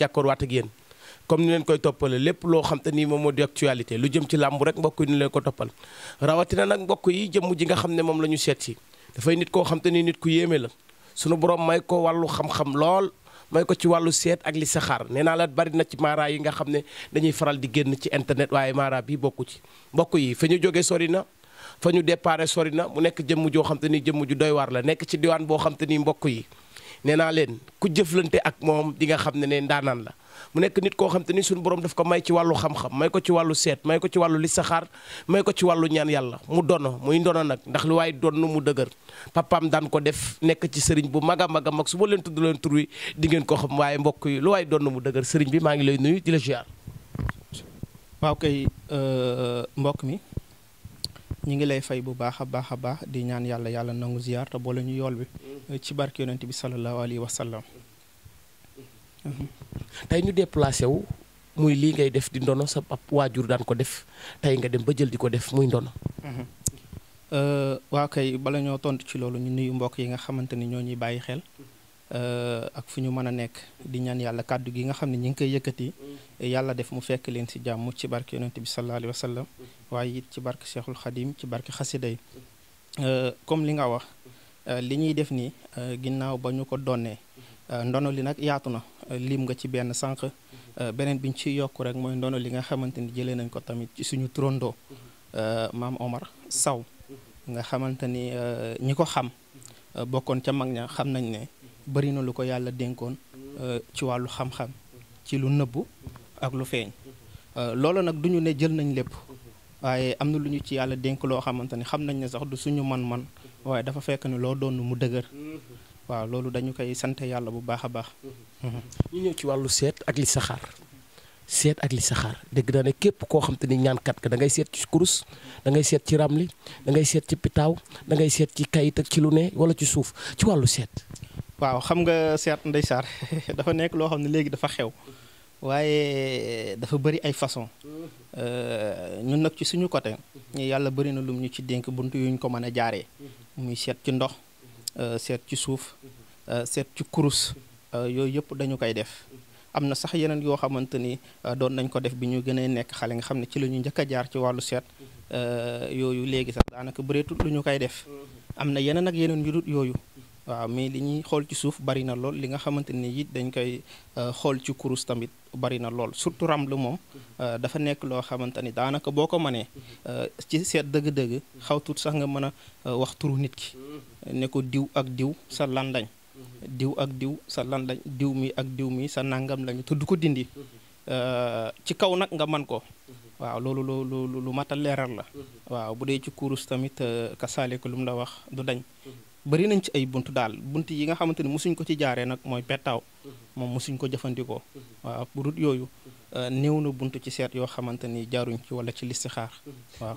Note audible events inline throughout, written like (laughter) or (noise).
jàkkoor waat ak comme ni leen koy toppale lépp loo xam te ni moom moo di actualité lu jëm ci làmbu rek mbokk yi ni leen ko toppal rawatina nag mbokk yi jëmm ji nga xam ne moom la ñu seet si dafay nit koo xam te ni nit ku yéeme la sunu borom may ko wàllu xam-xam lool may ko ci wàllu seet ak li saxaar nee naa la bari na ci maara yi nga xam ne dañuy faral di génn ci internet waaye maara bi bokku ci mbokk yi fa ñu jógee sori na fa ñu déparé sori na mu nekk jëmm joo xam ni jëmm ju doy la nekk ci diwaan boo xam ni mbokk yi nee naa leen ku jëflante ak moom di nga xam ne ne ndaanaan la mu nekk nit koo xam te ni suñu borom daf ko may ci wàllu xam-xam may ko ci wàllu seet may ko ci wàllu listaxaar may ko ci wàllu ñaan yàlla mu dono muy ndono nag ndax li waaye donn mu dëgër papaam daan ko def nekk ci sëriñ bu mag a mag a mag su ma leen tudd leen tur wi di ngeen ko xam waaye mbokk yi lu waaye donn mu dëgër sëriñ bi maa ngi lay nuyu di la ziar waaw kay euh, mbokk mi ñu ngi lay fay bu baax a baax a baax di ñaan yàlla yàlla nangu ziyaar te boole ñu yool bi mm. ci barke yonent bi salallaahu alayhi wa sallam mm-hmm. tey ñu déplacé wu lii ngay def di ndono sa ab waajur daan ko def tey nga dem ba jël di ko def muy ndono mm-hmm. euh, waa kay bala ñoo tontu ci loolu ñu nuyu mbokk yi nga xamante ni ñoo ñuy bàyyi xel Euh, ak fu ñu mën a nekk di ñaan yàlla kàddu gi nga xam ne ñi ngi koy yëkkati yàlla def mu fekk leen si jàmm ci barke yonent bi sallallahu alayhi wa sallam waaye it ci barke Cheikhul Khadim ci barke xasida yi euh, comme li nga wax euh, li ñuy def ni ginnaaw ba ñu ko donnee ndono li nag yaatu na lim nga ci benn sànq beneen bi ñu ciy yokk rek mooy ndono li nga xamante ni jëlee nañ ko tamit ci suñu turandoo maam Omar Saw nga xamante ni ñi ko xam bokkoon ca mag ña xam nañ ne. bari na lu ko yàlla dénkoon euh, ci wàllu xam-xam ci lu nëbbu ak lu feeñ euh, loolu nag du ñu ne jël nañ lépp waaye am na lu ñu ci yàlla dénk loo xamante ni xam nañ ne sax du suñu man-man waaye dafa fekk ni loo doon mu dëgër waaw loolu dañu koy sante yàlla bu baax a baax. ñu ñëw ci wàllu seet ak li saxaar seet ak li saxaar dégg naa ne képp koo xam ni ñaankat ka da ngay seet ci kurus da ngay seet ci ramli da ngay seet ci pitaaw da ngay seet ci kayit ak ci lu ne wala ci suuf ci wàllu seet. waaw xam nga seet ndeysaar (laughs) dafa nekk loo xam ne léegi dafa xew waaye dafa bëri ay façon euh, ñun nag ci suñu côté ñi yàlla bëri na lum ñu ci dénk bunt yu ñu ko mën a jaaree muy seet ci ndox euh, seet ci suuf euh, seet ci kurus yooyu yëpp dañu koy def am na sax yeneen yoo xamante ni doon nañ ko def bi ñu gën gënee nekk xale nga xam ne ci lu ñu njëkk a jaar ci wàllu seet yooyu léegi sax daanaka bëreetul lu ñu koy def am na yeneen ak yeneen yu dul yooyu waaw mais li ñuy xool ci suuf bari na lool li nga xamante ni it dañ koy euh, xool ci kurus tamit bari na lool surtout lu moom euh, dafa nekk loo xamante ni daanaka boo ko mënee euh, ci seet dëgg-dëgg xaw tuut sax nga mën a wax turu nit ki ne ko diw ak diw sa landañ lañ diw ak diw sa lan diw mi ak diw mi sa nangam lañu te du ko dindi ci kaw nag nga man ko waaw loolu lu lu lu mat a leeral la waaw bu dee ci kurus tamit kasaale ko lu mu la wax du dañ bari nañ ci ay bunt daal bunt yi nga xamante ni mosuñ ko ci jaaree nag mooy pettaaw moom mosuñ ko jëfandikoo waaw yooyu euh, néew bunt ci seet yoo xamante ni jaaruñ ci wala ci listixaar waaw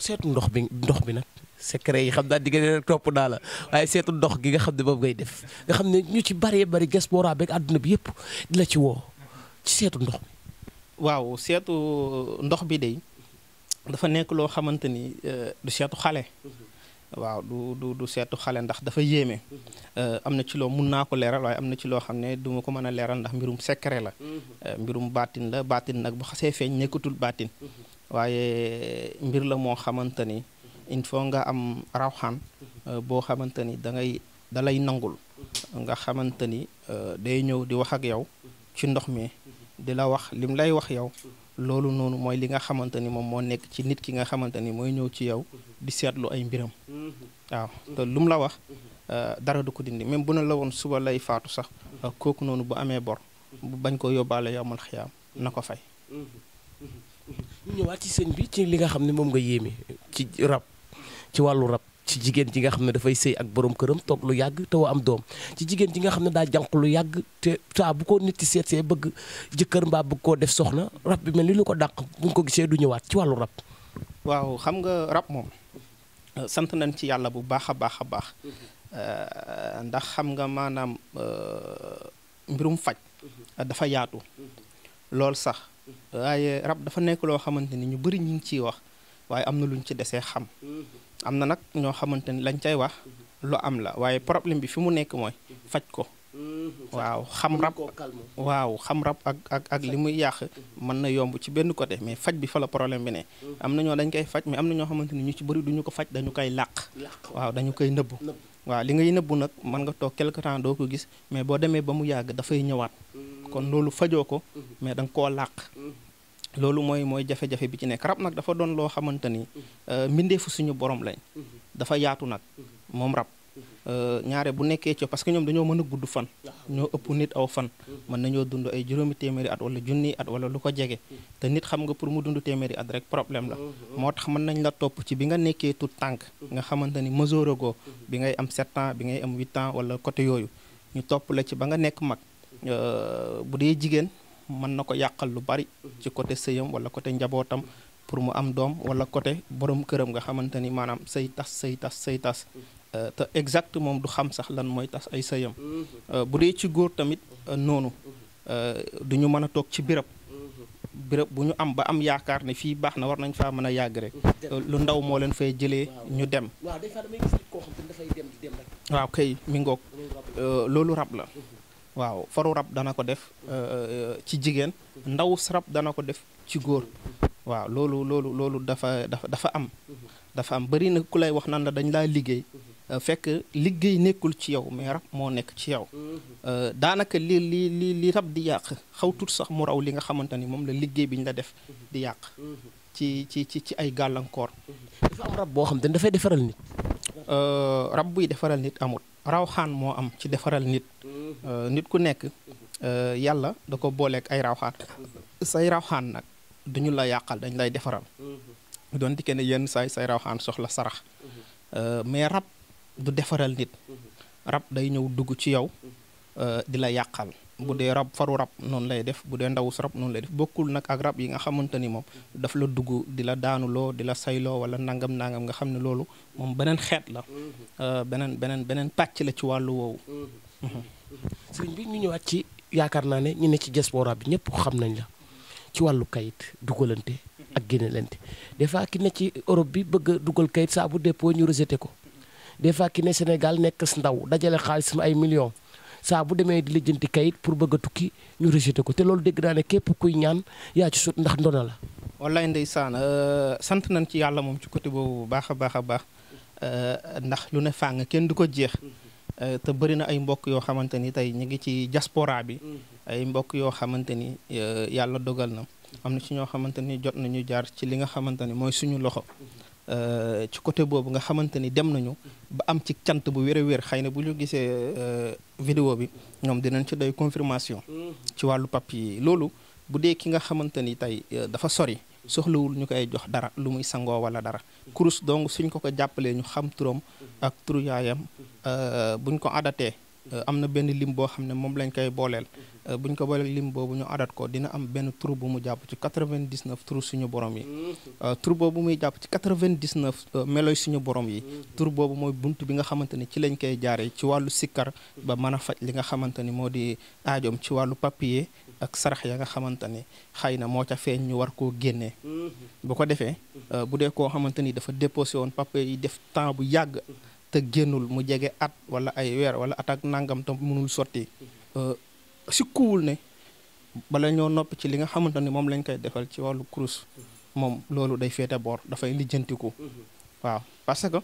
seetu ndox bi ndox bi nag secret yi xam naa diggante topp naa la waaye seetu ndox xam ne boobu ngay def nga xam ne ñu ci bari bari diaspora beeg àdduna bi yëpp di la ci woo seetu ndox waaw seetu ndox bi de dafa nekk loo xamante ni euh, du seetu xale waaw du du du seetu xale ndax dafa yéeme euh, am na ci loo mun naa ko leeral waaye am na ci loo xam ne duma ko mën a leeral ndax mbirum secret la euh, mbirum baatin la baatin nag bu xasee feeñ nekkatul baatin waaye mbir la moo xamante ni il faut nga am rawxaan euh, boo xamante ni da ngay da nangul nga xamante ni day ñëw di wax ak yow ci ndox mi di la wax lim lay wax yow loolu noonu mooy li nga xamante ni moom moo nekk ci nit ki nga xamante ni mooy ñëw ci yow di seetlu ay mbiram waaw te lu mu la wax euh, dara du ko dindi même bu ne la woon suba lay faatu sax euh, kooku noonu bu amee bor bu bañ koo yóbbaale yowmal xiyaam na ko fay ñu ñëwaat ci sëñ bi ci li nga xam ne moom nga yéeme ci rab ci wàllu rab ci jigéen ji nga xam ne dafay sëy ak borom këram toog lu yàgg te woo am doom ci jigéen ji nga xam ne daa jànq lu yàgg te saa bu ko nit ci seet see bëgg jëkkër mbaa bugg koo def soxna rab bi mel ni lu ko dàq buñ ko gisee du ñëwaat ci wàllu rab. waaw xam nga rab moom euh, sant nañ ci yàlla bu baax a baax a baax mhm. euh, ndax xam nga maanaam euh, mbirum faj mhm. dafa yaatu mhm. lool sax waaye rab dafa nekk loo xamante ni ñu bëri ñu ciy wax waaye am na luñ ci desee xam am na nag ñoo xamante ni lañ kay wax lu am la waaye problème bi fi mu nekk mooy faj ko mm-hmm. waaw xam rab waaw xam rab ak ak ak li muy yàq man na yomb ci benn côté mais faj bi fa la problème bi ne mm-hmm. am na ñoo dañ koy faj mais am na ñoo xamante ni ñu ci bëri duñu ko faj dañu koy làq waaw dañu koy nëbbu waaw li ngay nëbbu nag mën nga toog quelque temps doo ko gis mais boo demee ba mu yàgg dafay ñëwaat mm-hmm. kon loolu fajoo ko mais da nga koo làq loolu mooy mooy jafe-jafe bi ci nekk rab nag dafa doon loo xamante ni euh, mbindeefu suñu borom lañ dafa yaatu nag moom rab euh, ñaare bu nekkee ci parce que ñoom dañoo mën a gudd fan ñoo ëpp nit aw fan mën nañoo dund ay juróomi téeméeri at wala junni at wala lu ko jege te nit xam nga pour mu dund téeméeri at rek problème la moo tax mën nañ la topp ci bi nga nekkee tout tànk nga xamante ni masooragoo bi ngay am 7 ans bi ngay am 8 ans wala côté yooyu ñu topp la ci ba nga nekk mag euh, bu dee jigéen man na ko yàqal lu bari ci côté sëyam wala côté njabootam pour mu am doom wala côté boroom këram nga xamante ni maanaam say tas say tas euh, te exact moom du xam sax lan mooy tas ay sëyam euh, bu dee ci góor tamit euh, noonu du ñu mën a toog ci birab birab bu ñu am ba am yaakaar ne fii baax na war nañ faa mën a yàgg rek lu ndaw moo leen fay jëlee ñu dem waaw kay mi ngoog loolu rab la waaw faru rab dana ko def euh, euh, ci jigéen ndaw rab dana ko def ci góor waaw loolu loolu loolu dafa dafa dafa am dafa am bëri na ku lay wax nan la dañ laa liggéey euh, fekk liggéey nekkul ci yow mais rab moo nekk ci yow daanaka li li li li rab di yàq xaw tut sax mu raw li nga xamante ni moom la liggéey bi ñu la def di yàq ci ci ci ay gàllankoor dafa dafay defaral nit rab buy defaral nit amul rawxaan moo am ci defaral nit Euh, nit ku nekk euh, yàlla da ko booleek ay rawxaan say rawxaan nag duñu la yàqal dañ lay defaral doon dikkee ne yenn saay say rawxaan soxla sarax euh, mais rab du defaral nit rab day ñëw dugg ci yow di la yàqal bu dee rab faru rab noonu lay def bu dee ndawus rab noonu lay def bokkul nag ak rab yi nga xamante ni moom daf la dugg di la daanuloo di la sayloo wala nangam nangam nga xam ne loolu moom beneen xeet la beneen beneen beneen pàcc la ci wàllu woowu sëriñ bi ñu ñëwaat ci yaakaar naa ne ñu ne ci diaspora bi ñëpp xam nañ la ci wàllu kayit dugalante ak génnelante des fois ki ne ci Europe bi bëgg dugal kayit saa bu dépôt ñu rejeté ko des fois ki ne senegal nekk ndaw dajale xaalisam ay millions saa bu demee di lijjanti kayit pour bëgg tukki ñu rejeté ko te loolu dégg naa ne képp kuy ñaan yaa ci sut ndax ndona la. wallaay ndeysaan euh, sant nañ ci yàlla moom ci côté boobu bu baax a baax a baax euh, ndax lu ne fàng Eh, te bëri na ay mbokk yoo xamante ni tey ñu ngi ci diaspora bi. Mm. ay mbokk yoo xamante ni eh, yàlla dogal na am na ci ñoo xamante ni jot nañu jaar ci li nga xamante ni mooy suñu loxo. Mm-hmm. Eh, ci côté boobu nga xamante ni dem nañu ba am ci cant bu wér a wér xëy na bu ñu gisee vidéo bi ñoom dinañ ci doy confirmation. Mm. ci wàllu papier loolu bu dee ki nga xamante ni tey dafa sori. soxlawul ñu koy jox dara lu muy sangoo wala dara kurus donc suñ ko ko jàppalee ñu xam turam ak turu yaayam euh, buñ ko adatee euh, am na benn lim boo xam ne moom lañ koy booleel euh, buñ ko booleel lim boobu ñu adat ko dina am benn tur bu mu jàpp ci 99 tur suñu borom yi tur boobu muy jàpp ci 99 meloy suñu borom yi tur boobu mooy bunt bi nga xamante ni ci lañ koy jaaree ci wàllu sikkar ba mën a faj li nga xamante ni moo di aajoom ci wàllu papier ak sarax ya nga xamante ne xëy na moo ca feeñ ñu war koo génnee mm-hmm. bu ko defee euh, bu dee koo xamante ni dafa déposé woon papier yi def temps bu yàgg te génnul mu jege at wala ay weer wala at ak nangam te mënul sotti euh, si kuwul ne bala ñoo nopp ci li nga xamante ni moom lañ koy defal ci wàllu kurus moom loolu day féete boor dafay lijjantiku mm-hmm. waaw parce que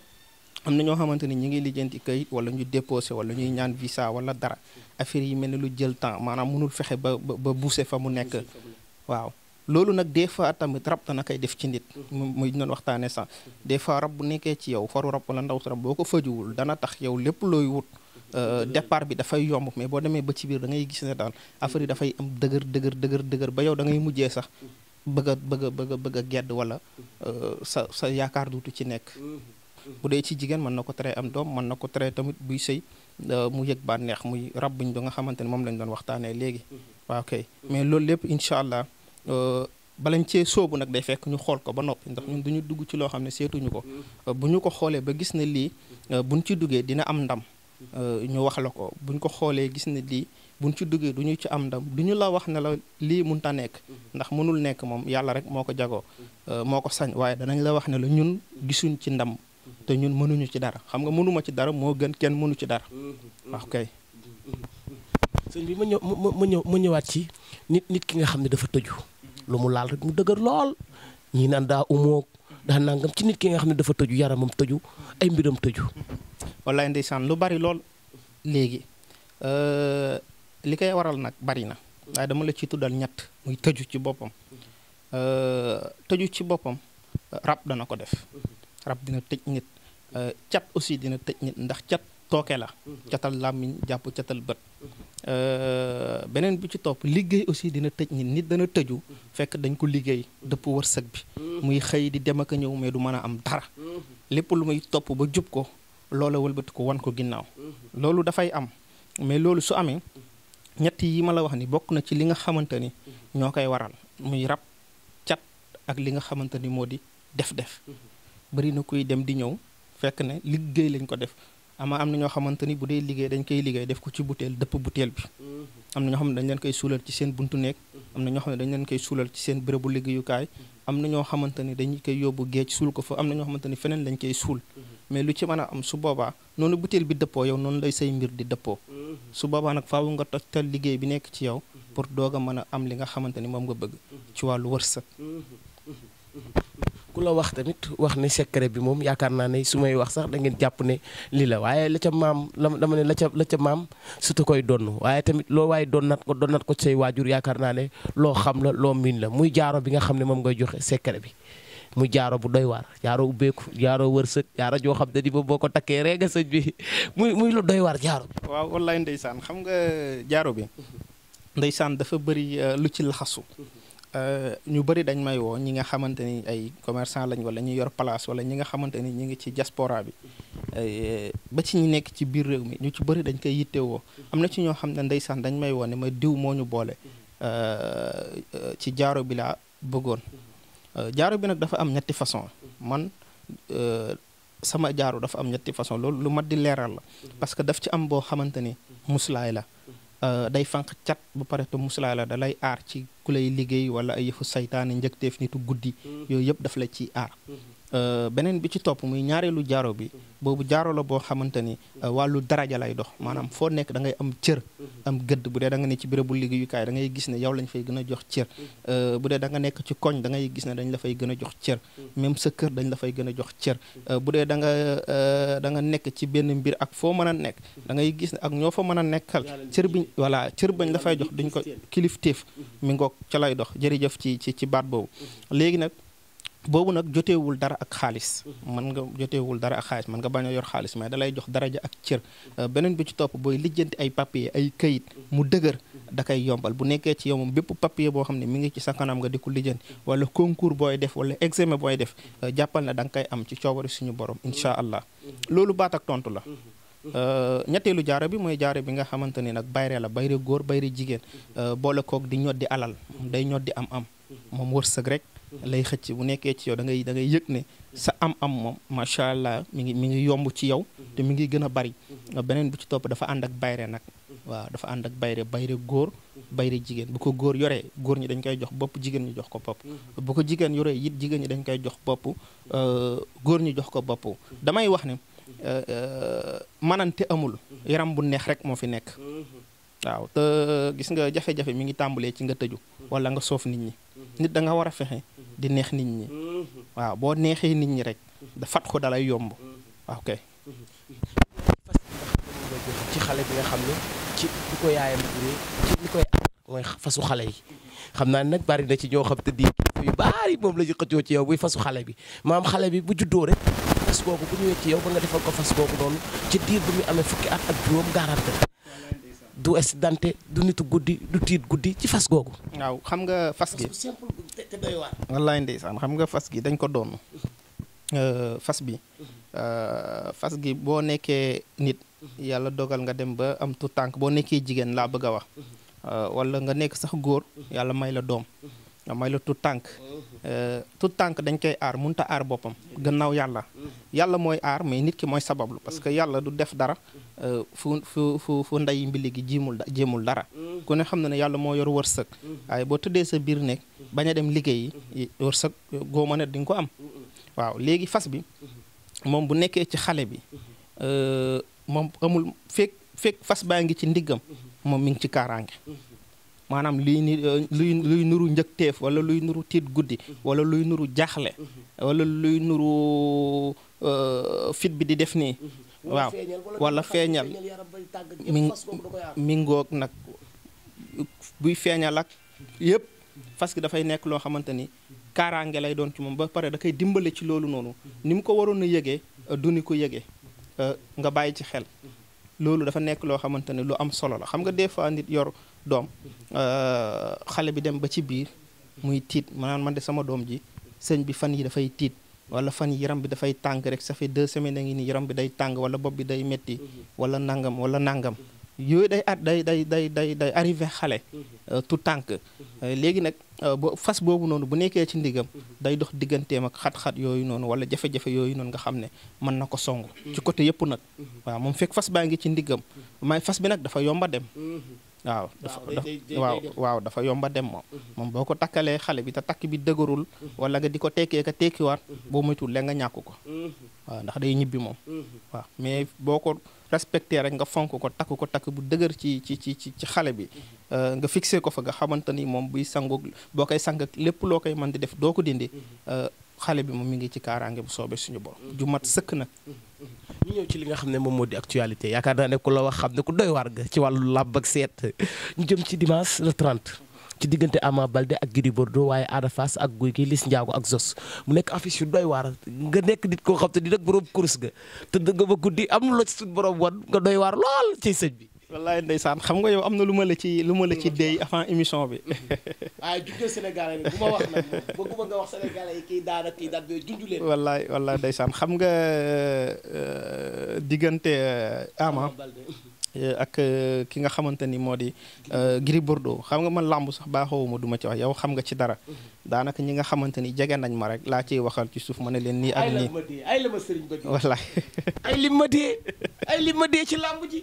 am na ñoo xamante ni ñu ngi lijjanti kayit wala ñu déposé wala ñuy ñaan visa wala dara affaire yi mel ni lu jël temps maanaam mënul fexe ba ba buuse fa mu nekk waaw loolu nag des fois tamit rab dana koy def ci nit muy doon waxtaane sax des fois rab bu nekkee ci yow faru rab wala ndaw rab boo ko fajuwul dana tax yow lépp looy wut euh, départ bi dafay yomb mais boo demee ba ci biir da ngay gis ne daal affaire dafay am dëgër dëgër dëgër dëgër ba yow da ngay mujjee sax bëgg bëgg a bëgg a bëgg a gedd wala euh, sa sa yaakaar duutu ci nekk bu dee ci jigéen mën na ko tere am doom mën na ko tere tamit buy sëy euh, mu yëg bànneex muy rab buñ do nga xamante ne moom lañ doon waxtaanee léegi mm-hmm. waaw kay mais loolu lépp incha allah euh, balañ cee soobu nag day fekk ñu xool ko ba noppi ndax ñun duñu dugg ci loo xam ne seetuñu ko mm-hmm. euh, bu ñu ko xoolee ba gis na lii buñ ci duggee dina am ndam mm-hmm. ñu wax la ko buñ ko xoolee gis na lii buñ ci duggee du ñu ci am ndam du ñu la wax ne la lii ta nekk ndax mënul nekk moom yàlla rek moo ko jagoo moo ko sañ waaye danañ la wax ne la te ñun mënuñu ci dara xam nga mënuma ci dara moo gën kenn mënu ci dara waaw mm-hmm. kay mm-hmm. sëñ bi ma ñëw ma ñëwaat ci nit nit ki nga xam ne dafa tëju mm-hmm. lu mu laal rek mu dëgër lool ñii naan daa umoog daa nangam ci nit ki nga xam ne dafa tëju yaramam tëju ay mbiram tëju wallaay ndeysaan lu bari lool léegi euh, li koy waral nag bari na waaye dama la tuddal ñett muy tëju ci boppam euh, tëju ci boppam rab dana ko def rab dina tëj nit euh, cat aussi dina tëj nit ndax cat tooke la mhm. catal làmmiñ jàpp catal bët euh, beneen bu ci topp liggéey aussi dina tëj nit nit dana tëju fekk dañ ko liggéey dëpp wërsëg bi mhm. muy xëy di dem ak ñëw mais du mën a am dara mhm. lépp lu muy topp ba jub ko loola wëlbati ko wan ko ginnaaw loolu dafay am mais loolu su amee ñett yi ma la wax ni bokk na ci li nga xamante ni ñoo koy waral muy rab cat ak li nga xamante ni moo di def-def bari na kuy dem di ñëw fekk ne liggéey lañ ko def ama am na ñoo xamante ni bu dee liggéey dañ koy liggéey def ko ci butéel dëpp butéel bi am na ñoo xam ne dañ leen koy suulal ci seen buntu néeg am na ñoo xam ne dañ leen koy suulal ci seen bérébu liggéeyukaay am na ñoo xamante ni dañu koy yóbbu géej suul ko fa am na ñoo xamante ni feneen lañ koy suul mais lu ci mën a am su boobaa noonu butéel bi dëppoo yow noonu lay say mbir di dëppoo su boobaa nag faawu nga tojtal liggéey bi nekk ci yow pour doog a mën a am li nga xamante ni moom nga bëgg ci wàllu wërsëg ku la wax tamit wax ne secret bi moom yaakaar naa ne su may wax sax da ngeen jàpp ne lii la waaye la ca maam la dama ne la ca la ca maam surtout koy donn waaye tamit loo waaye donnat ko donnat ko say waajur yaakaar naa ne loo xam la loo miin la muy jaaro bi nga xam ne moom ngay joxe secret bi mu jaaro bu doy waar jaaro ubbeeku jaaro wërsëg jaaro joo xam ne di ba boo ko takkee reega sëñ bi muy muy waar jaaro bi waaw wallaay ndeysaan xam nga jaaro bi ndeysaan dafa bëri euh, lu ci laxasu Euh, ñu bëri dañ may woo ñi nga xamante ni ay commerçant lañ wala ñu yor place wala ñi nga xamante ni ñu ngi ci diaspora bi eh, ba ci ñi nekk ci biir réew mi ñu ci bëri dañ koy yittewoo am na ci ñoo xam ne ndeysaan dañ may woo ne ma diw moo ñu boole euh, euh, ci jaaro bi laa bëggoon jaaro bi nag dafa am ñetti façon man sama jaaro dafa am ñetti façon loolu lu mat di leeral la parce que daf ci am boo xamante ni muslaay la Euh, day fànq cat ba pare te muslaa la da lay aar ci ku lay liggéey wala ay yëfu saytaane njëkteef nitu guddi mm-hmm. yooyu yëpp daf la ci aar mm-hmm. Euh, beneen bi ci topp muy ñaareelu jaaro bi boobu jaaro la boo xamante ni euh, wàllu daraja lay dox maanaam foo nekk da ngay am cër am gëdd bu dee da nga ne ci bérébu liggéeyukaay da ngay gis ne yow lañ fay gën a jox cër euh, bu dee da nga nekk ci koñ da ngay gis ne dañ la fay gën a jox cër même sa kër dañ la gën a jox cër bu dee danga nga da nga nekk ci benn mbir ak foo mën a nekk da ngay gis ne ak ñoo fa mën a nekkal cër biñ voilà cër bañ la fay jox duñ ko kilifteef mi ngoog ca lay dox jërëjëf ci ci ci baat boobu léegi nag boobu nag joteewul dara ak xaalis man mhm. nga joteewul dara ak xaalis nga bañ a yor xaalis mais da lay jox daraja ak cër euh, beneen bi ci topp booy lijjanti ay papier ay kayit mhm. mu dëgër mhm. da koy yombal bu nekkee ci yow moom bépp papier boo xam ne mu ngi ci sa kanam nga di ko lijjanti wala concours booy def wala examen booy def euh, jàppal na da nga am ci coobari suñu borom incha allah loolu baat ak tontu la euh, ñetteelu jaaro bi mooy jaaro bi nga xamante ne nag bayre la bayre góor bayre ji boole koog di ñoddi alal day ñoddi am am moom wërsëg rek lay xëcc bu nekkee ci yow da ngay ngay yëg ne sa am-am moom macha allah mi ngi mi ngi yomb ci yow. te mi ngi gën a bari. beneen bu ci topp dafa ànd ak bayre nag. waaw dafa ànd ak bayre bayre góor. bayre jigéen bu ko góor yore góor ñi dañ koy jox bopp jigéen ñi jox ko bopp. bu ko jigéen yoree it jigéen ñi dañ koy jox bopp euh, góor ñi jox ko bopp damay wax ne euh, euh, manante amul. yaram bu neex rek moo fi nekk. waaw te gis nga jafe-jafe mi ngi tàmbalee ci nga tëju. wala nga soof nit ñi. nit da war a fexe. di neex nit ñi waaw boo neexee nit ñi rek da ko dalay yomb waaw kay ci xale bi nga xam ne ci li ko yaayam juree ci li koy aar fasu xale yi xam naa nag bari na ci ñoo xam te di yu bari moom la ñu xëccoo ci yow buy fasu xale bi maam xale bi bu juddoo rek fas googu bu ñëwee ci yow ba nga defal ko fas googu noonu ci diir bu muy amee fukki at ak juróom garanté du accidenté du nitu guddi du tiit guddi ci fas googu waaw xam nga fas gi te doy waar. wallaay ndeysaan xam nga fas gi dañ ko doon. Euh, fas bi. Euh, fas gi boo nekkee nit. yàlla dogal nga dem ba am tu tànk boo nekkee jigéen laa bëgg a wax. Euh, wala nga nekk sax góor. yàlla may la doom. nga may la tu tànk. tu tànk dañ koy aar mënut a aar boppam. gannaaw yàlla. yàlla mooy aar mais nit ki mooy sabablu. parce que yàlla du def dara. fu fu fu fu ndey mbili gi jiimul jéemul dara. ko ne xam na ne yàlla moo yor wërsëg. Mm-hmm. waaye boo tëddee sa biir nekk. bañ a dem liggéey yi wërsëg goo mën a di nga ko am waaw léegi fas bi moom bu nekkee ci xale bi euh, moom amul fekk fekk fas baa ngi ci ndiggam moom mi ngi ci kaaraange maanaam luy ni euh, luy luy nuru njëkteef wala luy nuru tiit guddi wala luy nuru jaaxle wala luy nuru euh, fit bi di def nii waaw wala feeñal mi mi ngoog nag buy feeñal ak yëpp fas gi dafay nekk loo xamante ni kaaraange lay doon ci moom ba pare da koy dimbale ci loolu noonu ni mu ko waroon a yëgee euh, du ni ko yëgee euh, nga bàyyi ci xel loolu dafa nekk loo xamante ni lu am solo la xam nga des fois nit yor doom euh, xale bi dem ba ci biir muy tiit maanaam man de sama doom ji sëñ bi fan yi dafay tiit wala fan yaram bi dafay tànk rek ça fait deux semaines a ngi nii yaram bi day tàng wala bopp bi day metti wala nangam wala nangam yooyu day at day day day day day arrivé xale mhm. euh, tout tànk mhm. euh, léegi nag euh, ba fas boobu noonu bu nekkee ci ndiggam mhm. day dox digganteem ak xat-xat yooyu noonu wala jafe-jafe yooyu noonu nga xam ne mën na ko song ci côté yëpp nag waaw moom fekk fas baa ngi ci ndiggam may fas bi nag dafa yomba dem waaw dafa waaw waaw dafa yomba dem moom moom boo ko takkalee xale bi te takk bi dëgërul wala nga di ko tekkee ka tekkiwaat boo moytuwul léegi nga ñàkk ko waaw ndax day ñibbi moom waaw mais boo ko respecté rek nga fonk ko takk ko takk bu dëgër ci ci ci ci ci xale bi euh, nga fixé ko fa nga xamante ni moom buy sangoog boo koy sang ak lépp loo koy mën di def doo ko dindi euh, xale bi moom mi ngi ci kaaraange bu soobee suñu borom ju mat sëkk nag ñu ñëw ci li nga xam ne moom moo di actualité yaakaar naa ne ku la wax xam ne ku doy waar nga ci wàllu làmb ak seet ñu jëm ci dimanche le 30 ci diggante Ama Balde ak Gris Bordeaux waaye Ada Fass ak Gouye kii Liss Ndiago ak Zos mu nekk affiche yu doy waar nga nekk nit koo xam di nag borom course ga te nga ba guddi am la ci suñu borom nga doy waar lool ci sëñ bi. wallaay ndeysaan xam nga yow am na lu ma la ci lu ma la ci déy avant émission bi. (laughs) waaye junjoo Sénégalais xam nga euh, diggante euh, amant Euh, ak euh, ki nga xamante ni moo di euh, Gris Bordeaux xam nga man làmb sax baaxoowuma du ma ci wax yow xam nga ci dara daanaka ñi nga xamante ni jege nañ ma rek laa ciy waxal ci suuf ma ne leen nii ak nii ay la ma (laughs) lim ma dee ay ma dee ci làmb ji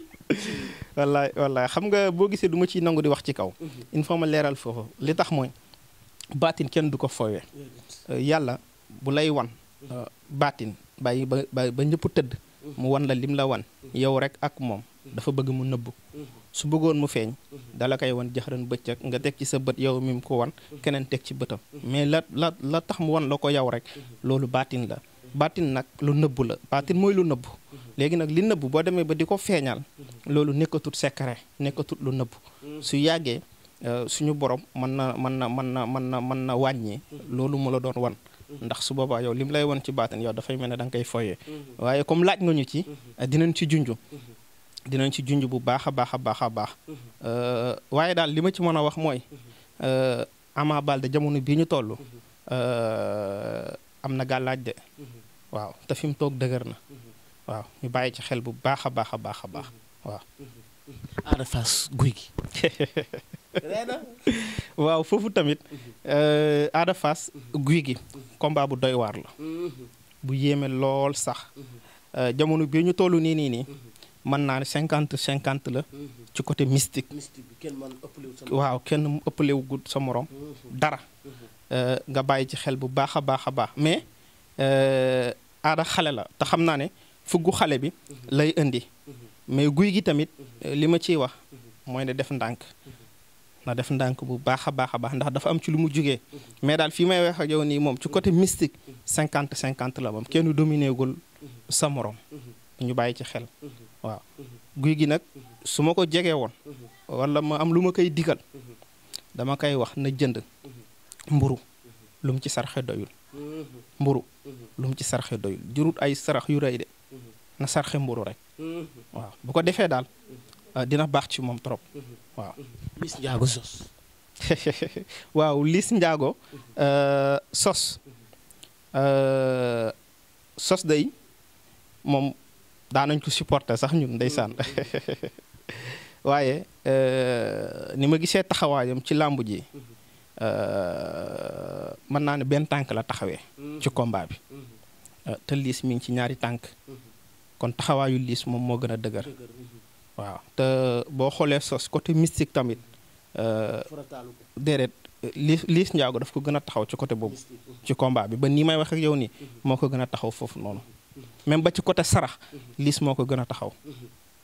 wallaay xam nga boo gisee du ciy nangu di wax ci kaw mhm. il ma leeral foofu li tax mooy baatin kenn du ko foowee mhm. yàlla bu lay mhm. la wan yow rek ak moom dafa bëgg mu nëbbu su bëggoon mu feeñ dala koy wan jaxaran bëccëg nga teg ci sa bët yow mi mu ko wan keneen teg ci bëtam mais la la la tax mu wan la ko yow rek loolu baatin la baatin nag lu nëbbu la baatin mooy lu nëbbu léegi nag li nëbbu boo demee ba di ko feeñal loolu nekkatut secret nekkatut lu nëbbu su yàggee euh, suñu borom mën na mën na mën na mën na mën na wàññi loolu mu la doon wan ndax su boobaa yow lim lay wan ci baatin yow dafay mel ne da koy foyee dinañ ci junj bu baax a baax a baax a baax. Euh, waaye daal li ma ci mën a wax mooy. Euh, Ama Baldé jamono bii ñu toll. Euh, am na gàllaaj de. waaw te fi mu toog dëgër na. waaw ñu bàyyi ci xel bu baax a baax a baax a baax waaw. Ada guy gi. (laughs) waaw foofu tamit Ada guy gi combat bu doy waar la. Mm-hmm. bu yéeme lool sax. jamono bii ñu toll nii nii nii. man naa ne cinquante cinquante la. ci côté mystique. mystique waaw kenn mu ëppalewu gudd sa morom. Mhm. dara mhm. Euh, nga bàyyi ci xel bu baax a baax a baax mais euh, aada xale la te xam naa ne fuggu xale bi mhm. lay indi. mais guy gi tamit euh, li ma ciy wax mooy ne def ndànk. na def ndànk bu baax a baax a baax ndax dafa am ci lu mu jugee mais daal fii may weex a yow nii moom ci côté mystique cinquante cinquante la moom kenn dominé gul sa morom. ñu bàyyi ci xel mhm. waaw mhm. guy gi nag mhm. su ma ko jegee woon wala ma am lu ma koy digal dama koy wax na jënd mburu lu ci sarxe doyul mburu lu ci sarxe doyul jurut ay sarax yu rëy de na sarxe mburu rek waaw bu ko defee daal ah, dina baax ci moom trop waaw Liss Ndiago sos (laughs) waaw euh, sos euh, sos day moom daanañ ko supporter sax ñun ndeysaan mm, mm, mm. (laughs) waaye euh, ni ma gisee taxawaayam ci làmb ji mm-hmm. euh, mën naa ne benn tànk la taxawee mm-hmm. ci combat bi mm-hmm. euh, te liis mi ngi ci ñaari tànk kon taxawaayu liis moom moo gën a dëgër waaw te boo xoolee sos côté mystique tamit déedéet liis liis njaago daf ko gën a taxaw ci côté boobu ci combat bi ba nii may wax ak yow nii moo ko gën a taxaw foofu noonu même ba ci côté sarax liis moo ko gën a taxaw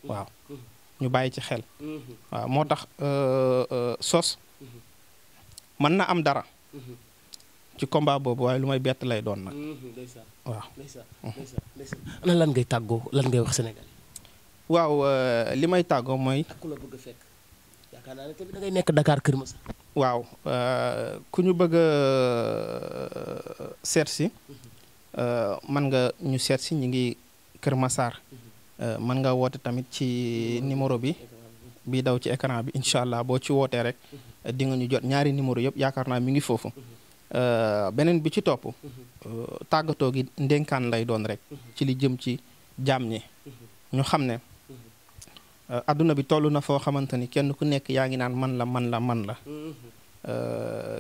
waaw ñu bàyyi ci xel waaw moo tax euh, euh, sos mën na am dara ci combat boobu waaye lu may bett lay doon nag waaw lan ngay tàggoo lan ngay wax Sénégal waaw euh, li may tàggoo mooy ku la bëgg a fekk yaakaar naa Kër Moussa waaw ku ñu bëgg a seet si mhm. Euh, man nga ñu seet si ñu ngi Kër Massar euh, mën nga woote tamit ci numéro bi bi daw ci écran bi incha allah boo ci wootee rek di nga ñu jot ñaari numéro yëpp yaakaar naa mu ngi foofu euh, beneen bi ci topp tàggatoo gi ndénkaan lay doon rek ci li jëm ci jaam ñi ñu xam ne adduna bi toll na foo xamante ni kenn ku nekk yaa ngi naan man la man la man la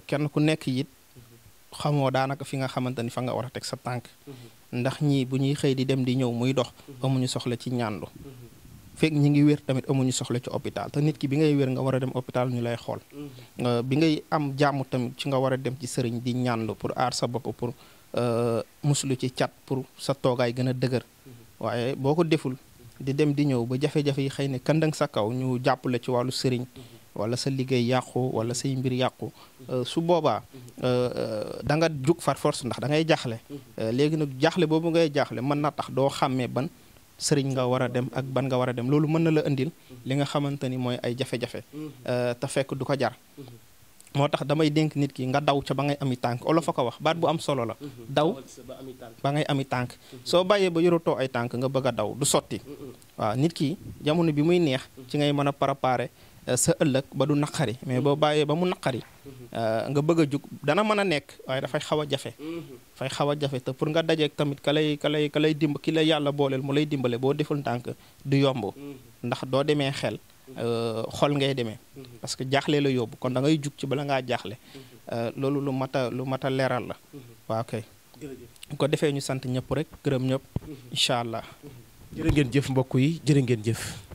kenn ku nekk it xamoo daanaka fi nga xamante ni fa nga war a teg sa tànk mm-hmm. ndax ñii bu ñuy xëy di dem di ñëw muy dox mm-hmm. amuñu soxla ci ñaanlu mm-hmm. fekk ñi ngi wér tamit amuñu soxla ci hôpital te nit ki bi ngay wér nga war a dem hôpital ñu lay xool bi ngay am jàmm tamit ci nga war a dem ci sëriñ di ñaanlu pour aar sa bopp pour euh, muslu ci cat pour sa toogaay gën a dëgër waaye boo ko deful di dem di ñëw ba jafe-jafe yi xëy ne kandang sa kaw ñu jàppale ci wàllu sëriñ wala sa liggéey yàqu wala say mbir yàqu euh, su boobaa mhm. euh, euh, da nga jug far force ndax da ngay jaaxle mhm. léegi nag jaaxle boobu ngay jaaxle mën na tax doo xàmmee ban sëriñ nga war a ak ban nga war a dem loolu mën na la indil mhm. li nga xamante ni mooy ay jafe-jafe te fekk du ko jar moo tax damay dënk nit ki nga daw ca ba ngay ami tànk olof a ko wax baat bu am solo la daw ba ngay ami tànk soo bàyyee ba yorotoo ay tànk nga bëgg a daw du sotti waaw nit ki jamono bi muy neex ci ngay mën a préparer Euh, sa ëllëg ba du naqari mais mm-hmm. boo bàyyee ba mu naqari mm-hmm. euh, nga bëgg a jug dana mën a nekk waaye dafay xaw a jafe mm-hmm. dafay xaw a jafe te pour nga dajeek tamit ka lay ka lay ka dimb ki la yàlla booleel mu lay dimbale boo deful ndànk du yomb ndax doo demee xel euh, xol ngay demee parce que jaaxle la yóbbu kon dangay ngay jug ci bala ngaa jaaxle loolu lu mat a lu mat a leeral la waaw kay ko defee ñu sant ñëpp rek gërëm ñëpp incha allah jërë ngeen jëf mbokk yi jërë ngeen jëf